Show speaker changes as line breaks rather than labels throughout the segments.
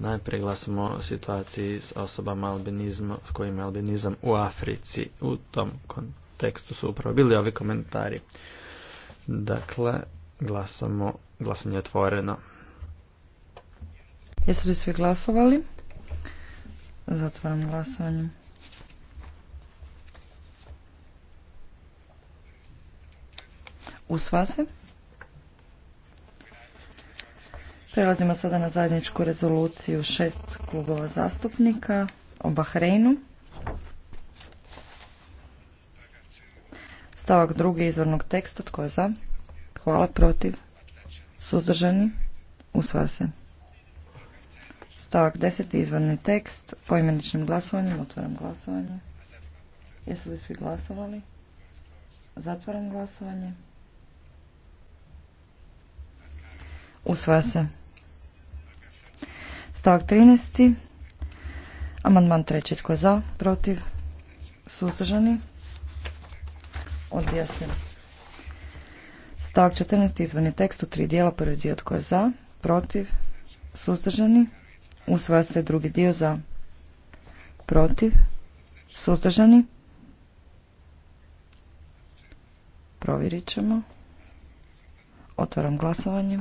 Najprije glasimo o situaciji s osobama albinizma, kojim je albinizam u Africi. U tom kontekstu su upravo bili ovi komentari. Dakle, glasamo, glasanje je otvoreno. Jesu li svi glasovali? Zatvaram glasovanje. u se. Prelazimo sada na zajedničku rezoluciju šest klubova zastupnika o Bahreinu. Stavak drugi izvornog teksta, tko je za? Hvala, protiv? Suzdržani? Usvaja se. Stavak deseti izvorni tekst, poimeničnim glasovanjem, otvaram glasovanje. Jesu li svi glasovali? Zatvaram glasovanje. Usvaja se. Stavak 13. Amandman treći tko je za, protiv, suzdržani, odbija se. Stavak 14. izvorni tekst u tri dijela, prvi dio tko je za, protiv, suzdržani, usvaja se drugi dio za, protiv, suzdržani, provjerit ćemo, otvaram glasovanje,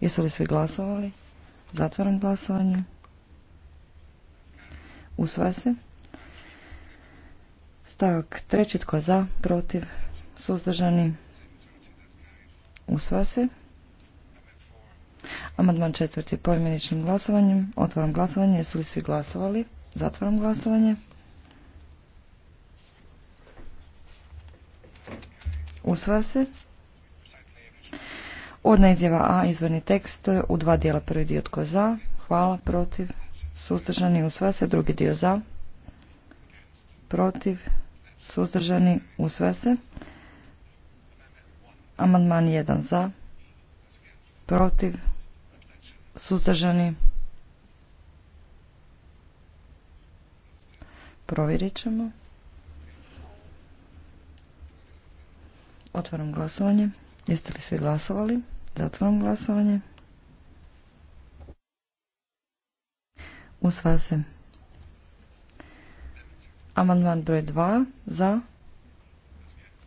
jesu li svi glasovali? Zatvaram glasovanje. Usvaja se. Stavak treći tko je za, protiv, suzdržani. Usvaja se. Amandman četvrti pojmeničnim glasovanjem. Otvaram glasovanje. Jesu li svi glasovali? Zatvaram glasovanje. Usvaja se. Odna izjava A, izvorni tekst, u dva dijela prvi dio tko za, hvala, protiv, suzdržani, usva se, drugi dio za, protiv, suzdržani, usva se. Amandman jedan za, protiv, suzdržani, provjerit ćemo. Otvaram glasovanje. Jeste li svi glasovali? Zatvorom glasovanje. Usvaja se. Amandman broj 2 za,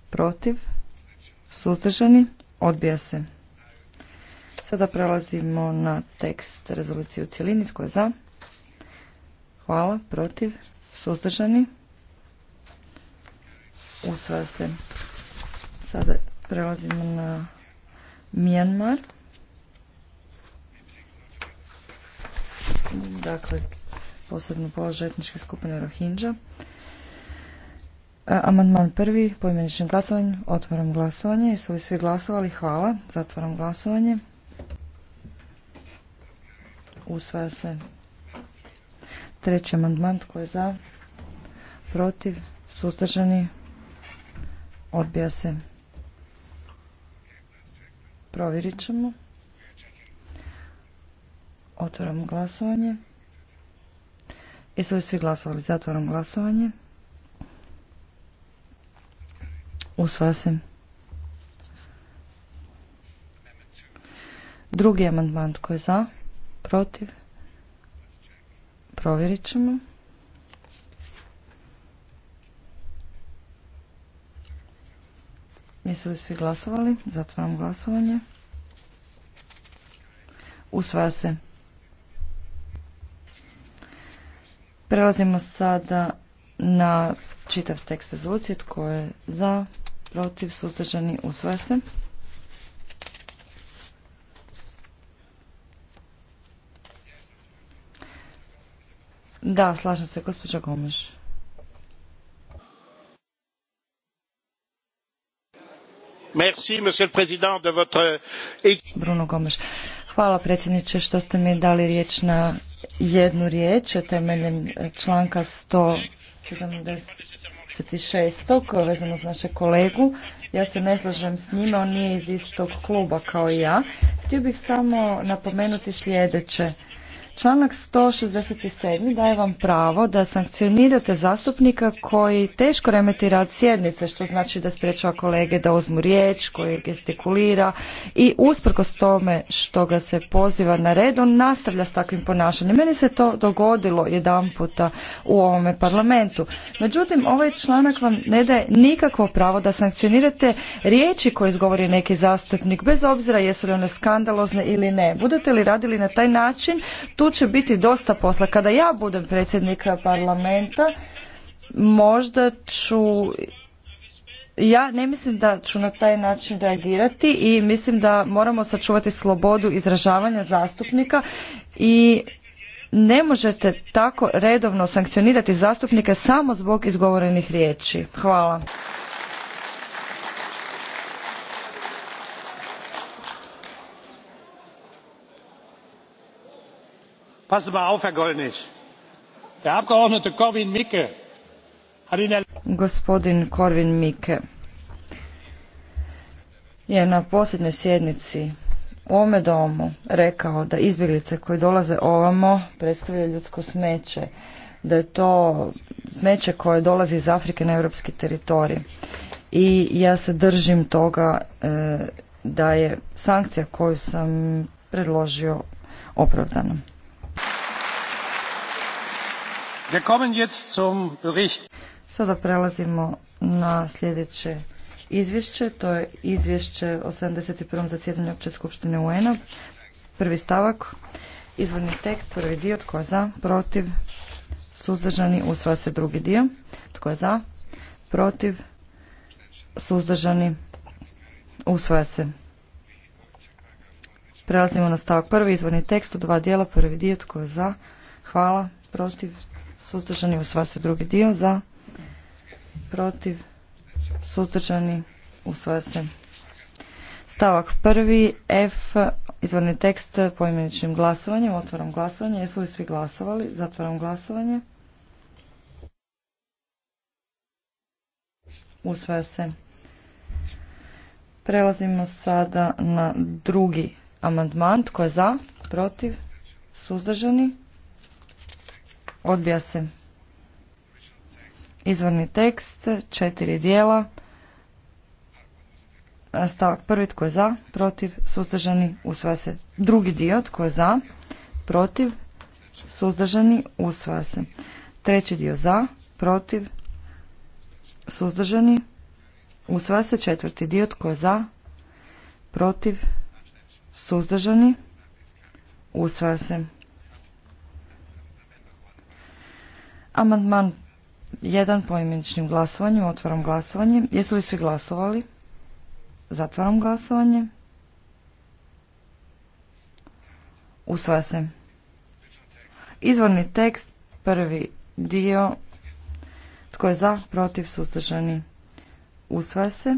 protiv, suzdržani, odbija se. Sada prelazimo na tekst rezolucije u cjelini. Tko je za? Hvala, protiv, suzdržani, usvaja se. Sada prelazimo na Mijanmar. Dakle, posebno položaj etničke skupine Rohinđa. Amandman prvi, poimeničnim glasovanjem, otvaram glasovanje. Jesu li svi glasovali? Hvala. Zatvaram glasovanje. Usvaja se treći amandman. Tko je za? Protiv? Suzdržani? Odbija se. Provjerit ćemo. Otvaram glasovanje. Jesu li svi glasovali? Zatvaram glasovanje. Usvaja se. Drugi amandman tko je za? Protiv? Provjerit ćemo. Jesu li svi glasovali? Zatvaram glasovanje. Usvaja se. Prelazimo sada na čitav tekst rezolucije. Tko je za, protiv, suzdržani, usvaja se. Da, slažem se, gospođa Gomeš. Hvala predsjedniče što ste mi dali riječ na jednu riječ temeljem članka 176. vezano s našeg kolegu. Ja se ne slažem s njime, on nije iz istog kluba kao i ja. Htio bih samo napomenuti sljedeće. Članak 167. daje vam pravo da sankcionirate zastupnika koji teško remeti rad sjednice, što znači da sprečava kolege da uzmu riječ, koji gestikulira i usprkos tome što ga se poziva na red, on nastavlja s takvim ponašanjem. Meni se to dogodilo jedan puta u ovome parlamentu. Međutim, ovaj članak vam ne daje nikakvo pravo da sankcionirate riječi koje izgovori neki zastupnik, bez obzira jesu li one skandalozne ili ne. Budete li radili na taj način, tu tu će biti dosta posla. Kada ja budem predsjednika parlamenta, možda ću ja ne mislim da ću na taj način reagirati i mislim da moramo sačuvati slobodu izražavanja zastupnika i ne možete tako redovno sankcionirati zastupnike samo zbog izgovorenih riječi. Hvala. Gospodin Korvin Mike je na posljednjoj sjednici u ovome domu rekao da izbjeglice koje dolaze ovamo predstavljaju ljudsko smeće, da je to smeće koje dolazi iz Afrike na europski teritorij. I ja se držim toga e, da je sankcija koju sam predložio opravdana. Sada prelazimo na sljedeće izvješće. To je izvješće o 71. zasjedanju Opće skupštine UN-a. Prvi stavak, izvorni tekst, prvi dio, tko je za, protiv, suzdržani, usvaja se drugi dio. Tko je za, protiv, suzdržani, usvaja se. Prelazimo na stavak prvi, izvorni tekst u dva dijela, prvi dio, tko je za, hvala, protiv, suzdržani, sva se drugi dio za, protiv, suzdržani, usvaja se. Stavak prvi, F, izvorni tekst poimeničnim glasovanjem, otvaram glasovanje, jesu li svi glasovali, zatvaram glasovanje. Usvaja se. Prelazimo sada na drugi amandman. Tko je za? Protiv? Suzdržani? Odbija se. Izvorni tekst, četiri dijela. Stavak prvi, tko je za, protiv, suzdržani, usvaja se. Drugi dio, tko je za, protiv, suzdržani, usvaja se. Treći dio za, protiv, suzdržani, usvaja se. Četvrti dio, tko je za, protiv, suzdržani, usvaja se. Amandman 1 po glasovanjem. Otvaram glasovanje. Jesu li svi glasovali? Zatvaram glasovanje. Usvaja se. Izvorni tekst, prvi dio. Tko je za, protiv, suzdržani. Usvaja se.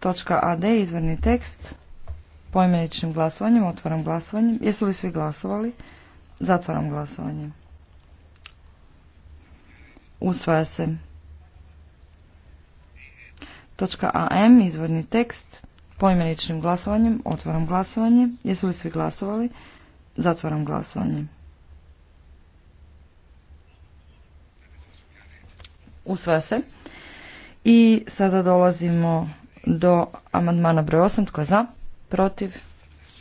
Točka AD, izvorni tekst. Poimeničnim glasovanjem, otvaram glasovanjem. Jesu li svi glasovali? Zatvaram glasovanje. Usvaja se. Točka AM, izvorni tekst, poimeničnim glasovanjem, otvaram glasovanje. Jesu li svi glasovali? Zatvaram glasovanje. Usvaja se. I sada dolazimo do amandmana broj 8. Tko je za? Protiv?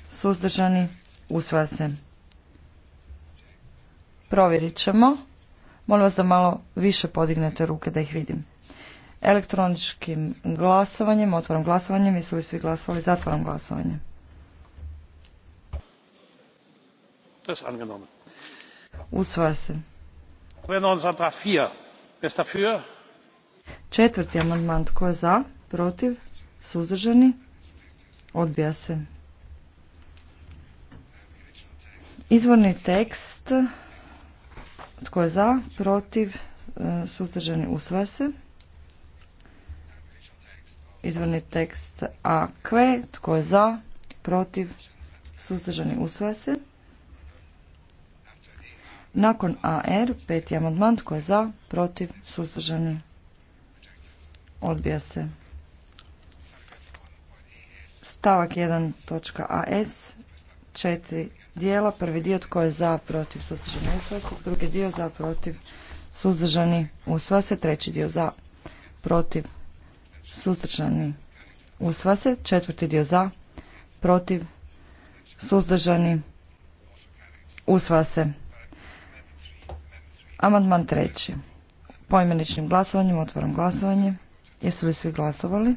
Suzdržani? Usvaja se. Provjerit ćemo. Molim vas da malo više podignete ruke da ih vidim. Elektroničkim glasovanjem, otvorom glasovanjem, jesu li svi glasovali, zatvaram glasovanje. Usvaja se. Četvrti amandman, tko je za, protiv, suzdržani, odbija se. Izvorni tekst tko je za? Protiv? E, suzdržani? Usvaja se. Izvrni tekst AQ. Tko je za? Protiv? Suzdržani? Usvaja se. Nakon AR, peti amandman, tko je za, protiv, suzdržani, odbija se. Stavak 1.as, četiri dijela. Prvi dio tko je za, protiv, suzdržani, u se. Drugi dio za, protiv, suzdržani, u se. Treći dio za, protiv, suzdržani, usvase, se. Četvrti dio za, protiv, suzdržani, usvase. se. Amandman treći. Poimeničnim glasovanjem otvaram glasovanje. Jesu li svi glasovali?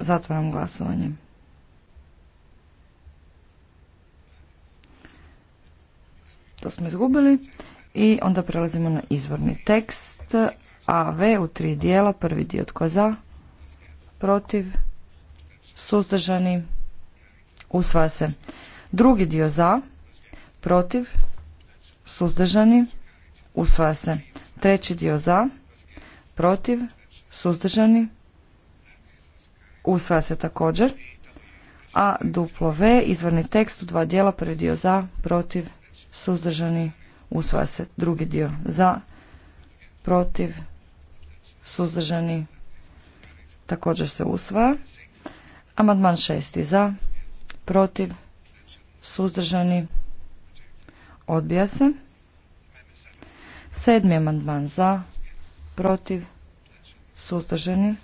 Zatvaram glasovanje. smo izgubili. I onda prelazimo na izvorni tekst. AV u tri dijela, prvi dio tko za, protiv, suzdržani, usvaja se. Drugi dio za, protiv, suzdržani, usvaja se. Treći dio za, protiv, suzdržani, usvaja se također. A duplo V, izvorni tekst u dva dijela, prvi dio za, protiv, suzdržani, usvaja se. Drugi dio za, protiv, suzdržani, također se usvaja. Amandman šesti za, protiv, suzdržani, odbija se. Sedmi amandman za, protiv, suzdržani,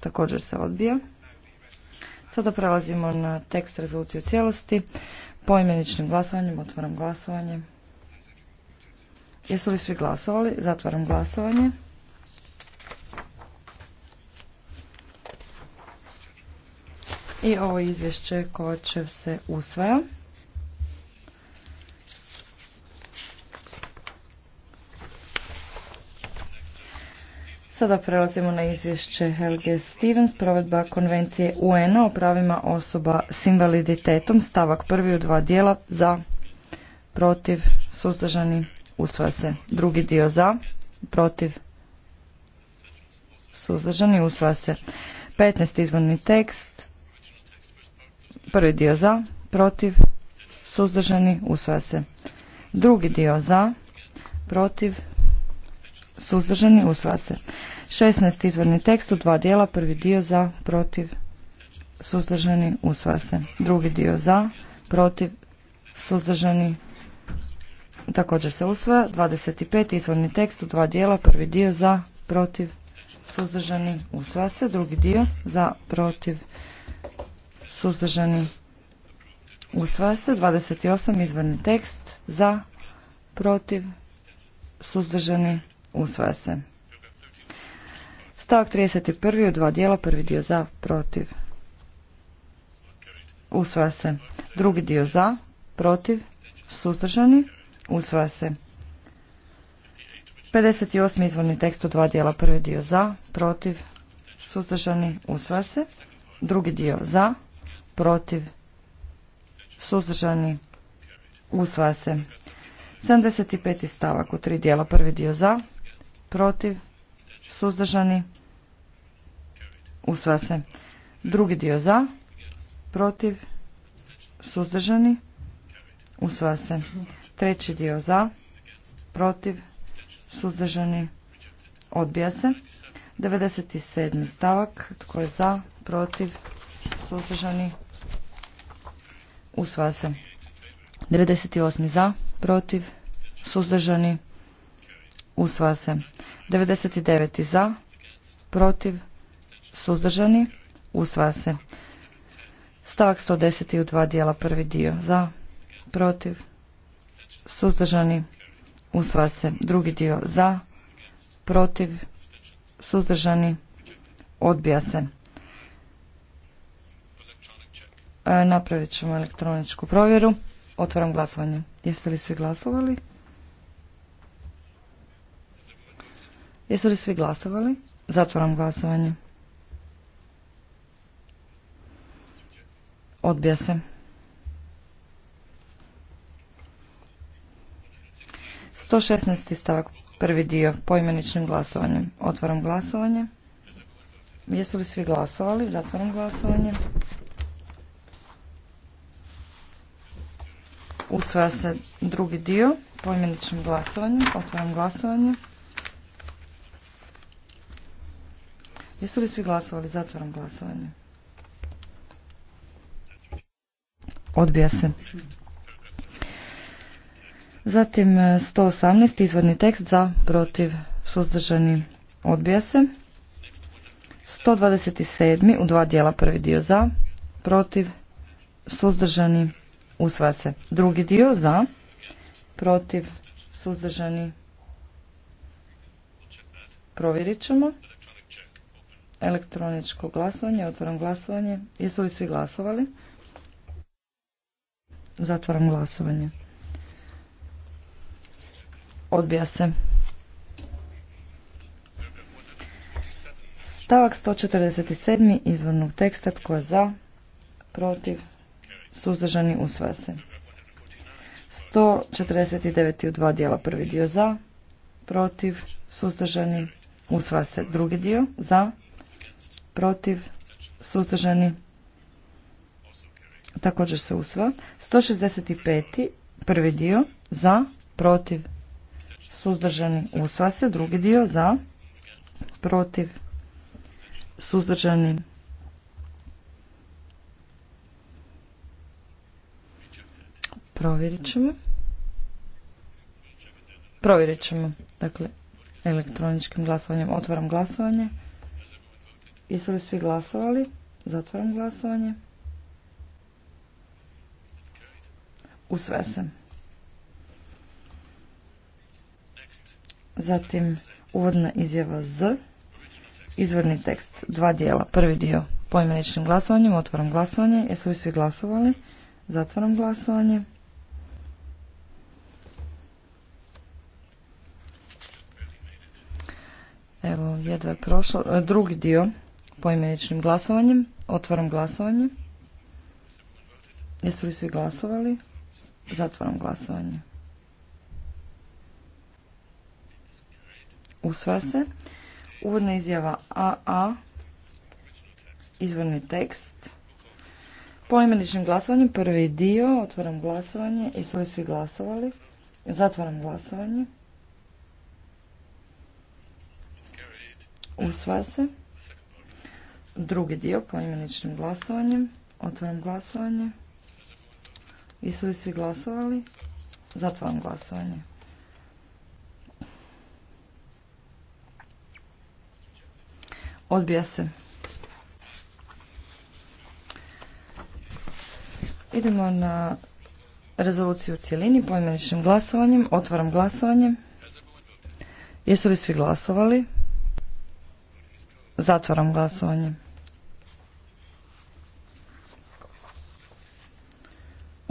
također se odbija. Sada prelazimo na tekst rezolucije u cijelosti. Poimeničnim glasovanjem otvaram glasovanje. Jesu li svi glasovali? Zatvaram glasovanje. I ovo izvješće će se usvaja. Sada prelazimo na izvješće Helge Stevens, provedba konvencije UN-a o pravima osoba s invaliditetom, stavak prvi u dva dijela za, protiv, suzdržani, usvaja se. Drugi dio za, protiv, suzdržani, usvaja se. 15. izvorni tekst, prvi dio za, protiv, suzdržani, usvaja se. Drugi dio za, protiv, suzdržani, usvaja se. 16. izvorni tekst u dva dijela, prvi dio za, protiv, suzdržani, usvaja se. Drugi dio za, protiv, suzdržani, također se usvaja. 25. izvorni tekst u dva dijela, prvi dio za, protiv, suzdržani, usvaja se. Drugi dio za, protiv, suzdržani, usvaja se. 28. izvorni tekst za, protiv, suzdržani, usvaja se. Stavak 31. u dva dijela, prvi dio za, protiv. Usvaja se. Drugi dio za, protiv, suzdržani. Usvaja se. 58. izvorni tekst u dva dijela, prvi dio za, protiv, suzdržani. Usvaja se. Drugi dio za, protiv, suzdržani. Usvaja se. 75. stavak u tri dijela, prvi dio za, protiv, suzdržani, usva se. Drugi dio za, protiv, suzdržani, usvaja se. Treći dio za, protiv, suzdržani, odbija se. 97. stavak, tko je za, protiv, suzdržani, usva se. 98. za, protiv, suzdržani, usvaja se. 99. za, protiv, suzdržani, usvaja se. Stavak 110. u dva dijela, prvi dio za, protiv, suzdržani, usvaja se. Drugi dio za, protiv, suzdržani, odbija se. E, napravit ćemo elektroničku provjeru. Otvaram glasovanje. Jeste li svi glasovali? Jesu li svi glasovali? Zatvaram glasovanje. Odbija se. 116. stavak, prvi dio, poimeničnim glasovanjem. Otvaram glasovanje. Jesu li svi glasovali? Zatvaram glasovanje. Usvaja se drugi dio, poimeničnim glasovanjem. Otvaram glasovanje. Jesu li svi glasovali? Zatvaram glasovanje. Odbija se. Zatim 118. E, izvodni tekst za, protiv, suzdržani. Odbija se. 127. u dva dijela prvi dio za, protiv, suzdržani. Usvaja se. Drugi dio za, protiv, suzdržani. Provjerit ćemo. Elektroničko glasovanje, otvaram glasovanje. Jesu li svi glasovali? Zatvaram glasovanje. Odbija se. Stavak 147. izvornog teksta tko je za, protiv, suzdržani, usvaja se. 149. u dva dijela prvi dio za, protiv, suzdržani, usvaja se. Drugi dio za, protiv, suzdržani, također se usva. 165. prvi dio za, protiv, suzdržani, usva se. Drugi dio za, protiv, suzdržani, provjerit ćemo. Provjerit ćemo, dakle, elektroničkim glasovanjem. Otvaram glasovanje. Jesu li svi glasovali? Zatvaram glasovanje. sve se. Zatim uvodna izjava Z. Izvorni tekst. Dva dijela. Prvi dio poimeničnim glasovanjem. Otvaram glasovanje. Jesu li svi glasovali? Zatvaram glasovanje. Evo, jedva je prošlo. Drugi dio poimeničnim glasovanjem. Otvaram glasovanje. Jesu li svi glasovali? Zatvaram glasovanje. Usva se. Uvodna izjava AA. Izvorni tekst. Poimeničnim glasovanjem prvi dio. Otvaram glasovanje. Jesu li svi glasovali? Zatvaram glasovanje. Usva se. Drugi dio poimeničnim glasovanjem. Otvaram glasovanje. Jesu li svi glasovali? Zatvaram glasovanje. Odbija se. Idemo na rezoluciju u cijelini poimeničnim glasovanjem. Otvaram glasovanje. Jesu li svi glasovali? Zatvaram glasovanje.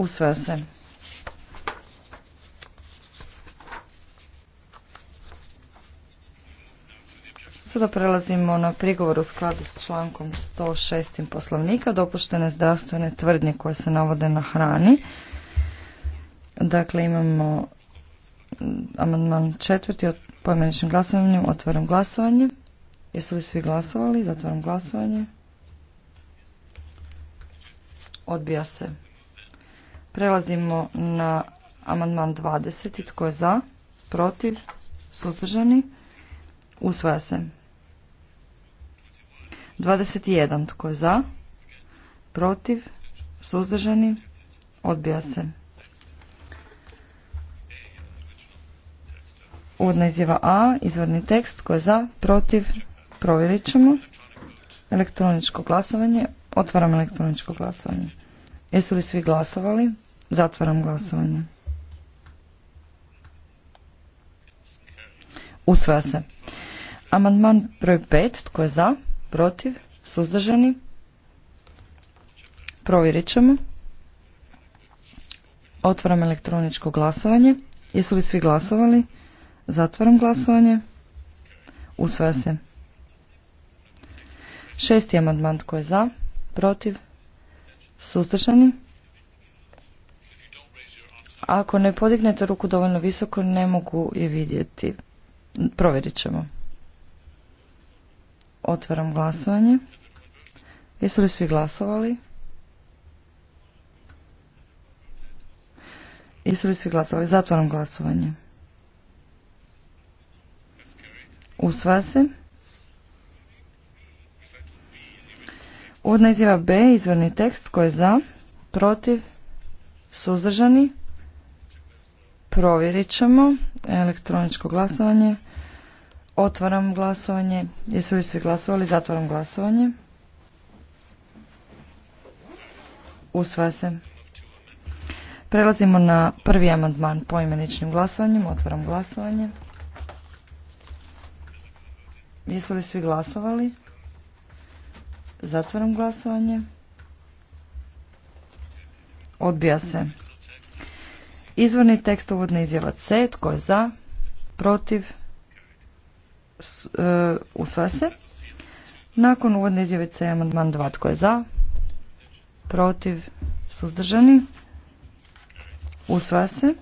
Usvaja se. Sada prelazimo na prigovor u skladu s člankom 106. poslovnika, dopuštene zdravstvene tvrdnje koje se navode na hrani. Dakle, imamo amandman četvrti od pojmeničnim glasovanjem. Otvaram glasovanje. Jesu li svi glasovali? Zatvaram glasovanje. Odbija se. Prelazimo na amandman 20. Tko je za? Protiv? Suzdržani? Usvaja se. 21. Tko je za? Protiv? Suzdržani? Odbija se. Uvodna izjava A, izvorni tekst, tko je za, protiv, provjerit ćemo. Elektroničko glasovanje, otvaram elektroničko glasovanje. Jesu li svi glasovali? Zatvaram glasovanje. Usvaja se. Amandman broj 5. Tko je za? Protiv? Suzdržani? Provjerit ćemo. Otvaram elektroničko glasovanje. Jesu li svi glasovali? Zatvaram glasovanje. Usvaja se. Šesti amandman tko je za? Protiv? Suzdržani? Ako ne podignete ruku dovoljno visoko, ne mogu je vidjeti. Provjerit ćemo. Otvaram glasovanje. Jesu li svi glasovali? Jesu li svi glasovali? Zatvaram glasovanje. Usva se. Uvodna izjava B, izvorni tekst, koji je za, protiv, suzdržani, provjerit ćemo, elektroničko glasovanje, otvaram glasovanje, jesu li svi glasovali, zatvaram glasovanje, usvaja se. Prelazimo na prvi amandman poimeničnim glasovanjem, otvaram glasovanje. Jesu li svi glasovali? Zatvaram glasovanje. Odbija se. Izvorni tekst uvodna izjava C. Tko je za? Protiv? E, usvaja se. Nakon uvodne izjave C amandman 2. Tko je za? Protiv? Suzdržani? Usvaja se.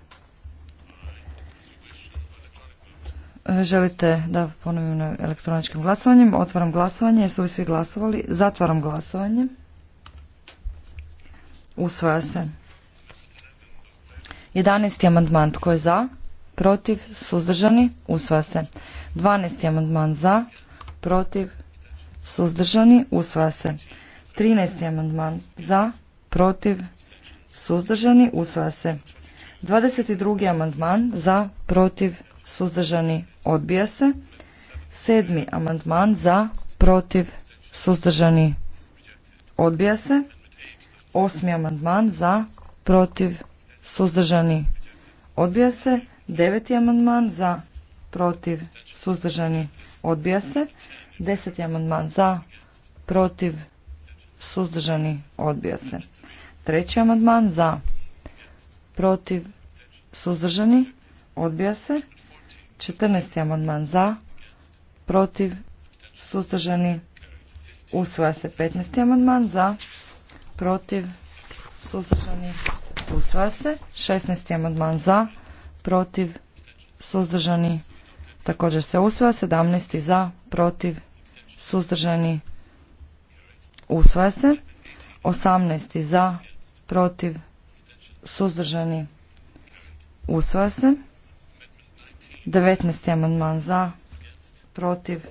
Želite da ponovim elektroničkim glasovanjem? Otvaram glasovanje. Jesu li svi glasovali? Zatvaram glasovanje. Usvaja se. 11. amandman tko je za? Protiv? Suzdržani? Usvaja se. 12. amandman za? Protiv? Suzdržani? Usvaja se. 13. amandman za? Protiv? Suzdržani? Usvaja se. 22. amandman za? Protiv? suzdržani, odbija se. Sedmi amandman za, protiv, suzdržani, odbija se. Osmi amandman za, protiv, suzdržani, odbija se. Deveti amandman za, protiv, suzdržani, odbija se. Deseti amandman za, protiv, suzdržani, odbija se. Treći amandman za, protiv, suzdržani, odbija se. 14. amandman za, protiv, suzdržani, usvaja se 15. amandman za, protiv, suzdržani, usvaja se 16. amandman za, protiv, suzdržani, također se usvaja 17. za, protiv, suzdržani, usvaja se 18. za, protiv, suzdržani, usvaja se 19. amandman za, protiv,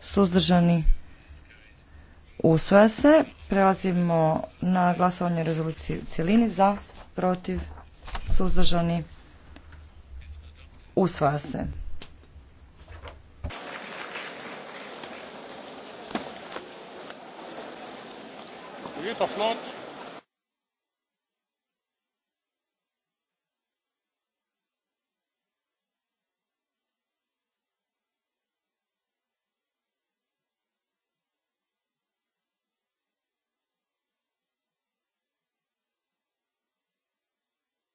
suzdržani, usvaja se. Prelazimo na glasovanje rezoluciji u cijelini za, protiv, suzdržani, usvaja se.